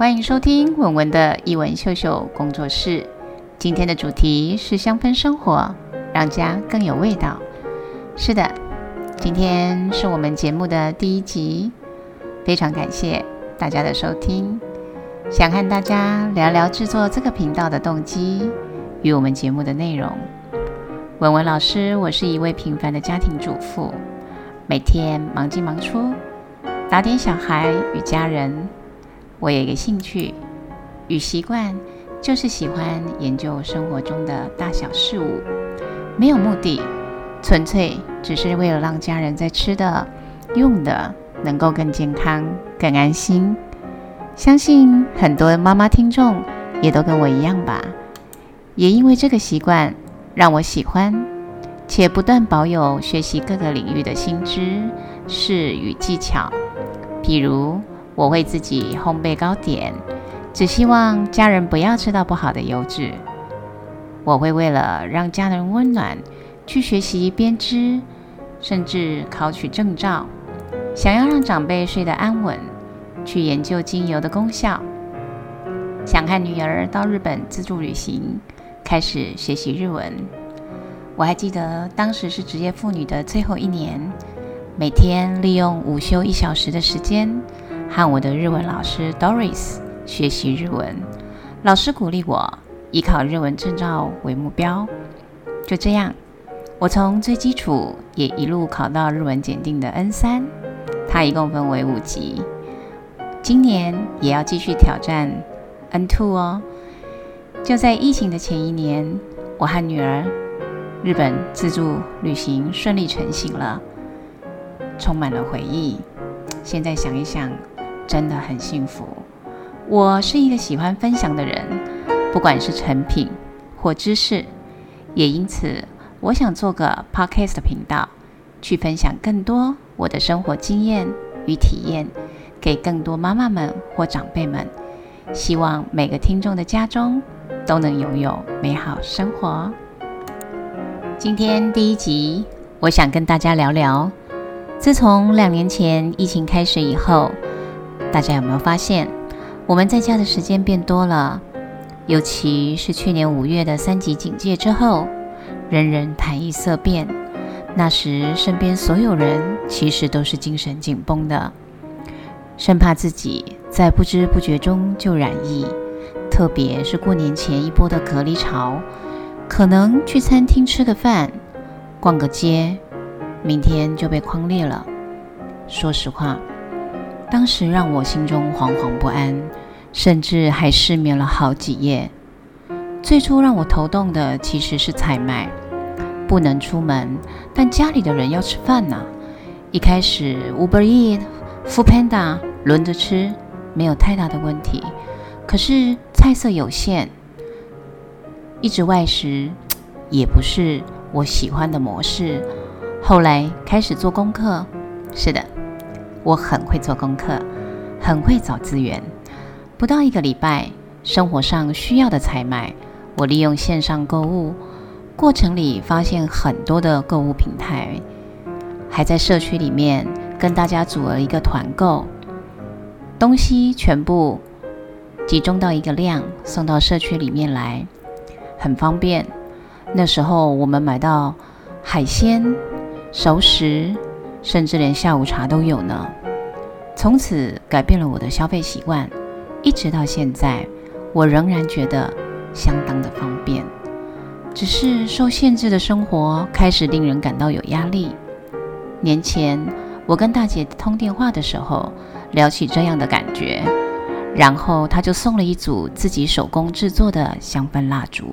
歡迎收聽文文的一文秀秀工作室。今天的主題是香氛生活，讓家更有味道。是的，今天是我們節目的第一集，非常感謝大家的收聽。想和大家聊聊制作這個頻道的動機與我們節目的內容。文文老師，我是一位平凡的家庭主婦，每天忙進忙出，打點小孩與家人。我有一個興趣與習慣，就是喜歡研究生活中的大小事物，沒有目的，純粹只是為了讓家人在吃的、用的能夠更健康、更安心。相信很多媽媽聽眾也都跟我一樣吧？也因為這個習慣，讓我喜歡且不斷保有學習各個領域的新知識與技巧，比如。我會自己烘焙糕點，只希望家人不要吃到不好的油脂。我會為了讓家人溫暖，去學習編織，甚至考取證照。想要讓長輩睡得安穩，去研究精油的功效。想看女兒到日本自助旅行，開始學習日文。我還記得當時是職業婦女的最後一年，每天利用午休一小時的時間。和我的日文老師 Doris 學習日文，老師鼓勵我以考日文證照為目標。就這樣，我從最基礎也一路考到日文檢定的 N 三。它一共分為五級，今年也要繼續挑戰 N two 哦。就在疫情的前一年，我和女兒日本自助旅行順利成行了，充滿了回憶。現在想一想。真的很幸福。我是一個喜歡分享的人，不管是成品或知識，也因此，我想做個 Podcast 頻道，去分享更多我的生活經驗與體驗，給更多媽媽們或長輩們。希望每個聽眾的家中都能擁有美好生活。今天第一集，我想跟大家聊聊，自從兩年前疫情開始以後。大家有沒有發現，我們在家的時間變多了？尤其是去年五月的三級警戒之後，人人談疫色變。那時身邊所有人其實都是精神緊繃的，生怕自己在不知不覺中就染疫。特別是過年前一波的隔離潮，可能去餐廳吃個飯、逛個街，明天就被匡列了。說實話。當時讓我心中惶惶不安，甚至還失眠了好幾夜。最初讓我頭痛的其實是採買，不能出門，但家裡的人要吃飯吶、啊。一開始 Uber Eats、Food Panda 輪着吃，沒有太大的問題。可是菜色有限，一直外食也不是我喜歡的模式。後來開始做功課，是的。我很會做功課，很會找資源。不到一個禮拜，生活上需要的採買，我利用線上購物過程裡發現很多的購物平台，還在社區裡面跟大家組了一個團購，東西全部集中到一個量送到社區裡面來，很方便。那時候我們買到海鮮、熟食。甚至連下午茶都有呢。從此改變了我的消費習慣，一直到現在，我仍然覺得相當的方便。只是受限制的生活開始令人感到有壓力。年前我跟大姐通電話的時候，聊起這樣的感覺，然後她就送了一組自己手工製作的香氛蠟燭。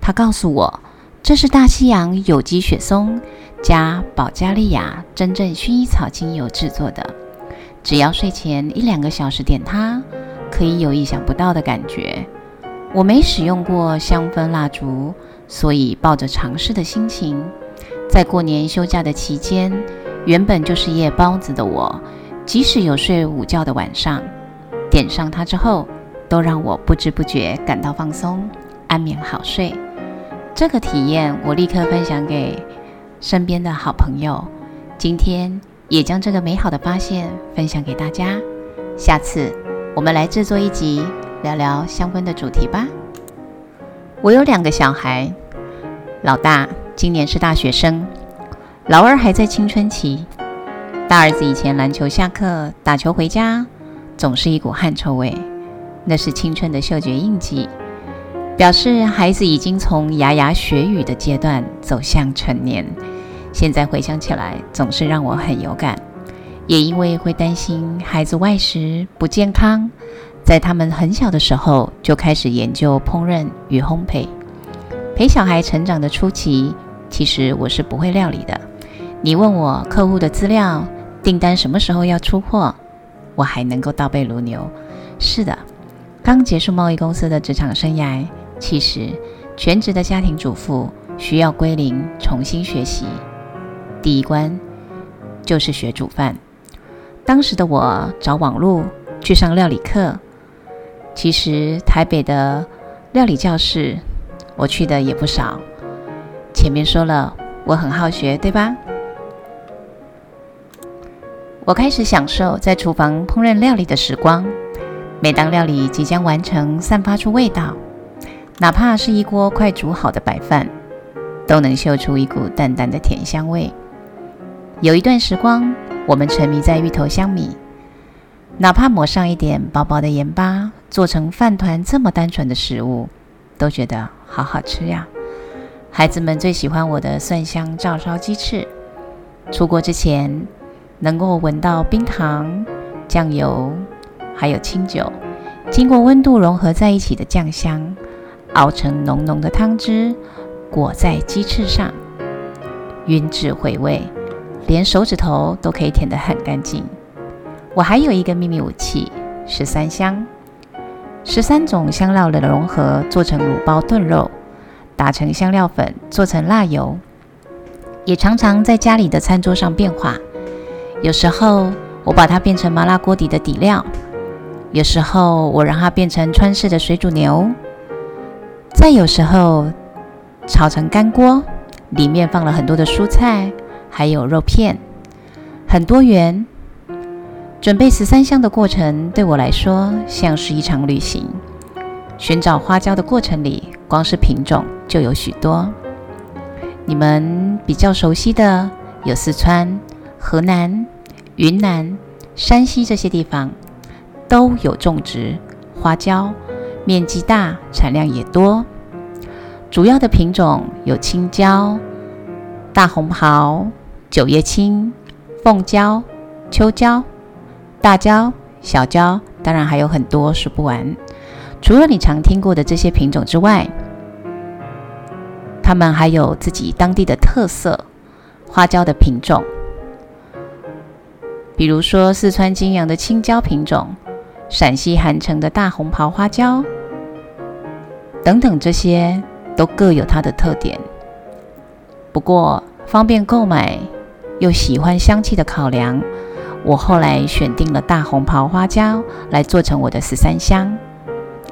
她告訴我。這是大西洋有機雪松加保加利亞真正薰衣草精油制作的，只要睡前一兩個小時點它，可以有意想不到的感覺。我沒使用過香氛蠟燭，所以抱着嘗試的心情，在過年休假的期間，原本就是夜貓子的我，即使有睡午覺的晚上，點上它之後，都讓我不知不覺感到放鬆，安眠好睡。這個體驗，我立刻分享給身邊的好朋友。今天也將這個美好的發現分享給大家。下次我們來制作一集，聊聊相關的主題吧。我有兩個小孩，老大今年是大學生，老二還在青春期。大兒子以前籃球下課打球回家，總是一股汗臭味，那是青春的嗅覺印記。表示孩子已經從牙牙學語的階段走向成年，現在回想起來，總是讓我很有感。也因為會擔心孩子外食不健康，在他們很小的時候就開始研究烹飪與烘焙。陪小孩成長的初期，其實我是不會料理的。你問我客戶的資料，訂單什麼時候要出貨，我還能夠倒背如流。是的，剛結束貿易公司的職場生涯。其實，全職的家庭主婦需要歸零，重新學習。第一關就是學煮飯。當時的我找網路去上料理課，其實台北的料理教室我去的也不少。前面說了，我很好學，對吧？我開始享受在廚房烹飪料理的時光，每當料理即將完成，散發出味道。哪怕是一鍋快煮好的白飯，都能嗅出一股淡淡的甜香味。有一段時光，我們沉迷在芋頭香米，哪怕抹上一點薄薄的鹽巴，做成飯糰這麼單純的食物，都覺得好好吃呀、啊。孩子們最喜歡我的蒜香照燒雞翅，出鍋之前能夠聞到冰糖、醬油還有清酒，經過溫度融合在一起的醬香。熬成濃濃的湯汁，裹在雞翅上，吮指回味，連手指頭都可以舔得很乾淨。我還有一個秘密武器，十三香，十三種香料的融合做成滷包燉肉，打成香料粉做成辣油，也常常在家裡的餐桌上變化。有時候我把它變成麻辣鍋底的底料，有時候我讓它變成川式的水煮牛。在有時候，炒成乾鍋，裡面放了很多的蔬菜，還有肉片，很多元。準備十三香的過程，對我來說像是一場旅行。尋找花椒的過程裡，光是品種就有許多。你們比較熟悉的有四川、河南、雲南、山西這些地方，都有種植花椒。面積大，產量也多。主要的品種有青椒、大紅袍、九葉青、鳳椒、秋椒、大椒、小椒，當然還有很多數不完。除了你常聽過的這些品種之外，他們還有自己當地的特色花椒的品種，比如說四川金陽的青椒品種，陝西韓城的大紅袍花椒。等等，這些都各有它的特點。不過，方便購買又喜歡香氣的考量，我後來選定了大紅袍花椒來做成我的十三香。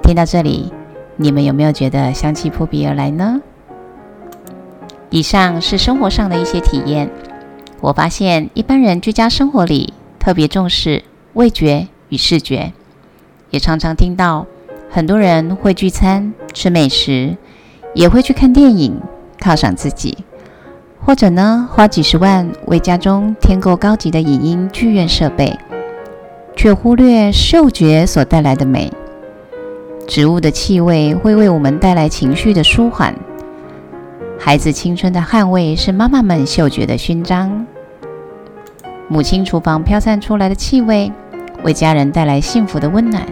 聽到這裡，你們有沒有覺得香氣撲鼻而來呢？以上是生活上的一些體驗。我發現一般人居家生活裡特別重視味覺與視覺，也常常聽到。很多人會聚餐吃美食，也會去看電影犒賞自己，或者呢花幾十萬為家中添購高級的影音劇院設備，卻忽略嗅覺所帶來的美。植物的氣味會為我們帶來情緒的舒緩。孩子青春的汗味是媽媽們嗅覺的勳章。母親廚房飄散出來的氣味，為家人帶來幸福的溫暖。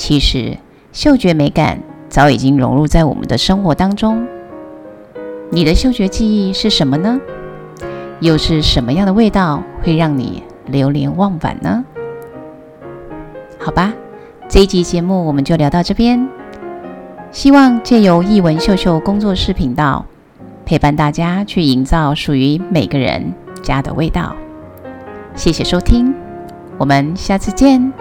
其實，嗅覺美感早已經融入在我們的生活當中。你的嗅覺記憶是什麼呢？又是什麼樣的味道會讓你流連忘返呢？好吧，這一集節目我們就聊到這邊。希望借由藝文秀秀工作室頻道，陪伴大家去營造屬於每個人家的味道。謝謝收聽，我們下次見。